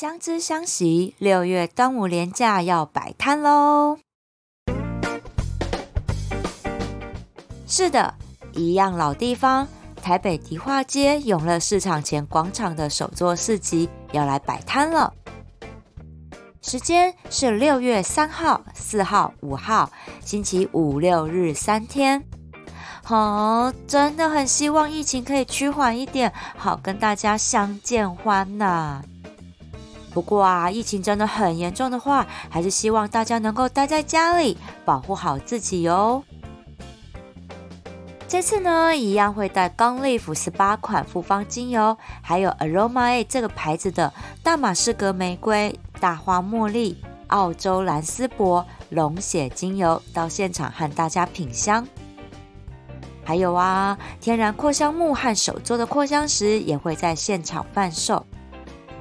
香知香息，六月端午連假要擺攤嘍！是的，一樣老地方，台北迪化街永樂市場前廣場的手作市集要來擺攤了。時間是六月三號、四號、五號，星期五、六日三天。好、哦，真的很希望疫情可以趨緩一點，好跟大家相見歡吶、啊。不過啊，疫情真的很嚴重的話，還是希望大家能夠待在家裡，保護好自己喲、哦。這次呢，一樣會帶 Gongleaf 十八款複方精油，還有 Aroma A 這個牌子的大馬士革玫瑰、大花茉莉、澳洲藍絲柏、龍血精油到現場和大家品香。還有啊，天然擴香木和手作的擴香石也會在現場販售。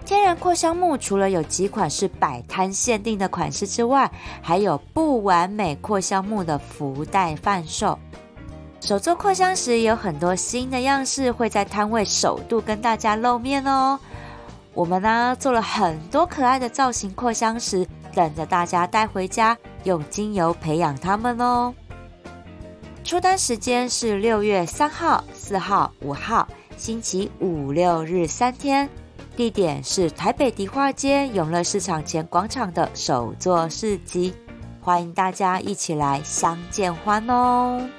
天然擴香木除了有幾款是擺攤限定的款式之外，還有不完美擴香木的福袋販售。手做擴香石有很多新的樣式會在攤位首度跟大家露面哦。我們呢、啊、做了很多可愛的造型擴香石，等着大家帶回家用精油培養它們哦。出單時間是六月三號、四號、五號，星期五六日三天。地點是台北迪化街永樂市場前廣場的首座市集，歡迎大家一起來相見歡哦！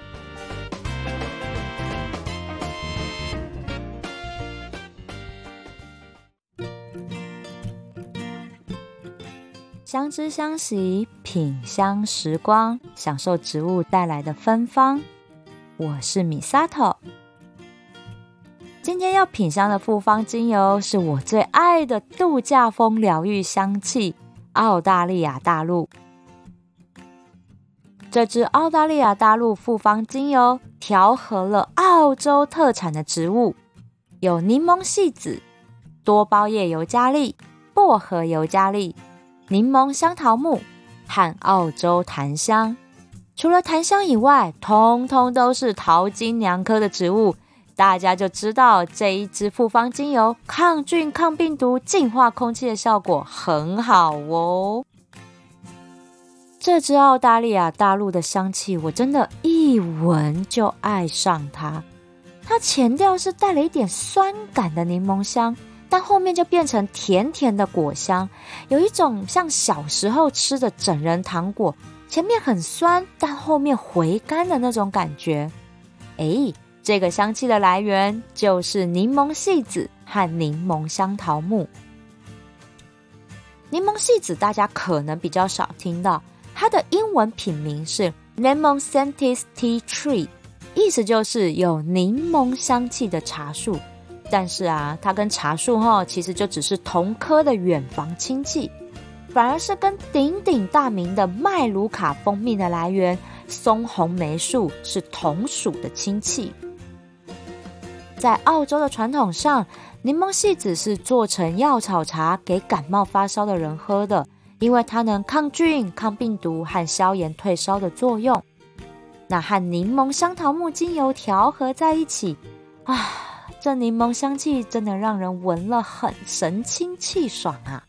香知香息，品香時光，享受植物帶來的芬芳。我是 Misato。今天要品香的複方精油是我最愛的度假風療癒香氣——澳大利亞大陸。這支澳大利亞大陸複方精油調和了澳洲特產的植物，有檸檬細籽、多苞葉尤加利、薄荷尤加利、檸檬香桃木和澳洲檀香。除了檀香以外，通通都是桃金娘科的植物。大家就知道這一支複方精油抗菌、抗病毒、淨化空氣的效果很好哦。這支澳大利亞大陸的香氣，我真的一聞就愛上它。它前調是帶了一點酸感的檸檬香，但後面就變成甜甜的果香，有一種像小時候吃的整人糖果，前面很酸，但後面回甘的那種感覺。哎。這個香氣的來源就是檸檬細子和檸檬香桃木。檸檬細子大家可能比較少聽到，它的英文品名是 Lemon Scented Tea Tree，意思就是有檸檬香氣的茶樹。但是啊，它跟茶樹哈、哦、其實就只是同科的遠房親戚，反而是跟鼎鼎大名的麥盧卡蜂蜜的來源松紅梅樹是同屬的親戚。在澳洲的傳統上，檸檬細籽是做成藥草茶給感冒發燒的人喝的，因為它能抗菌、抗病毒和消炎退燒的作用。那和檸檬香桃木精油調和在一起，啊，這檸檬香氣真的讓人聞了很神清氣爽啊！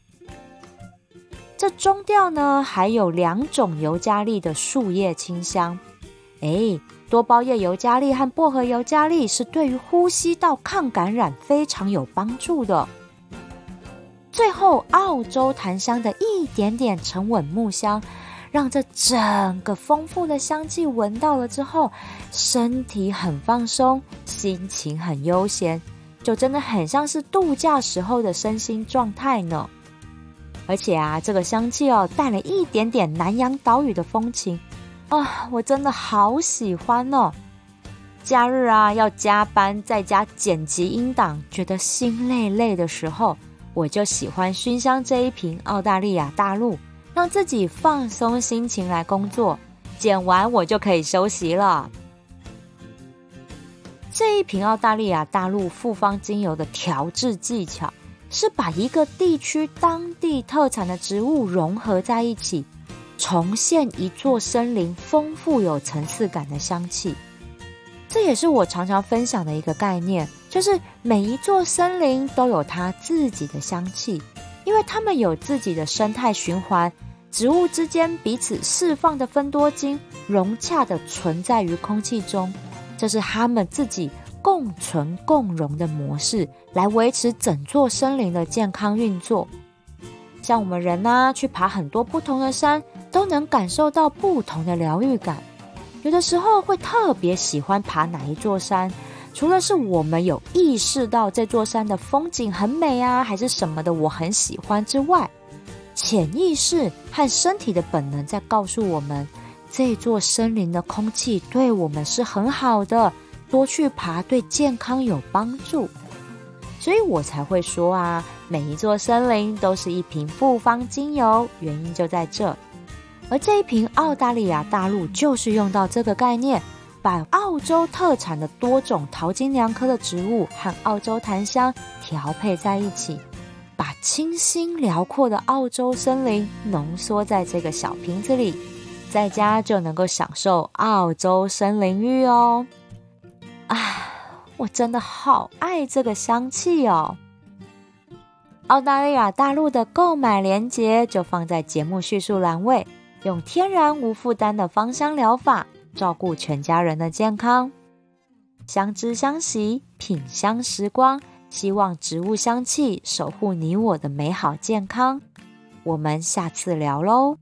這中調呢，還有兩種尤加利的樹葉清香。誒，多包葉尤加利和薄荷尤加利是對於呼吸道抗感染非常有幫助的。最後，澳洲檀香的一點點沉穩木香，讓這整個豐富的香氣聞到了之後，身體很放鬆，心情很悠閒，就真的很像是度假時候的身心狀態呢。而且啊，這個香氣哦，帶了一點點南洋島嶼的風情。啊、哦，我真的好喜歡哦！假日啊要加班，在家剪輯音檔，覺得心累累的時候，我就喜歡熏香這一瓶澳大利亞大陸，讓自己放鬆心情來工作。剪完，我就可以休息了。這一瓶澳大利亞大陸複方精油的調製技巧，是把一個地區當地特產的植物融合在一起，重現一座森林豐富有層次感的香氣，這也是我常常分享的一個概念，就是每一座森林都有它自己的香氣，因為它們有自己的生態循環，植物之間彼此釋放的芬多精，融洽地存在於空氣中，這是它們自己共存共榮的模式，來維持整座森林的健康運作。像我們人呢、啊，去爬很多不同的山。都能感受到不同的療癒感，有的時候會特別喜歡爬哪一座山，除了是我們有意識到這座山的風景很美啊，還是什麼的，我很喜歡之外，潛意識和身體的本能在告訴我們，這座森林的空氣對我們是很好的，多去爬對健康有幫助，所以我才會說啊，每一座森林都是一瓶複方精油，原因就在這。而這一瓶澳大利亞大陸就是用到這個概念，把澳洲特產的多種桃金娘科的植物和澳洲檀香調配在一起，把清新遼闊的澳洲森林濃縮在這個小瓶子裡，在家就能夠享受澳洲森林浴哦！啊，我真的好愛這個香氣哦！澳大利亞大陸的購買連結就放在節目敘述欄位。用天然無負擔的芳香療法照顧全家人的健康，香知香息，品香時光。希望植物香氣守護你我的美好健康。我們下次聊嘍。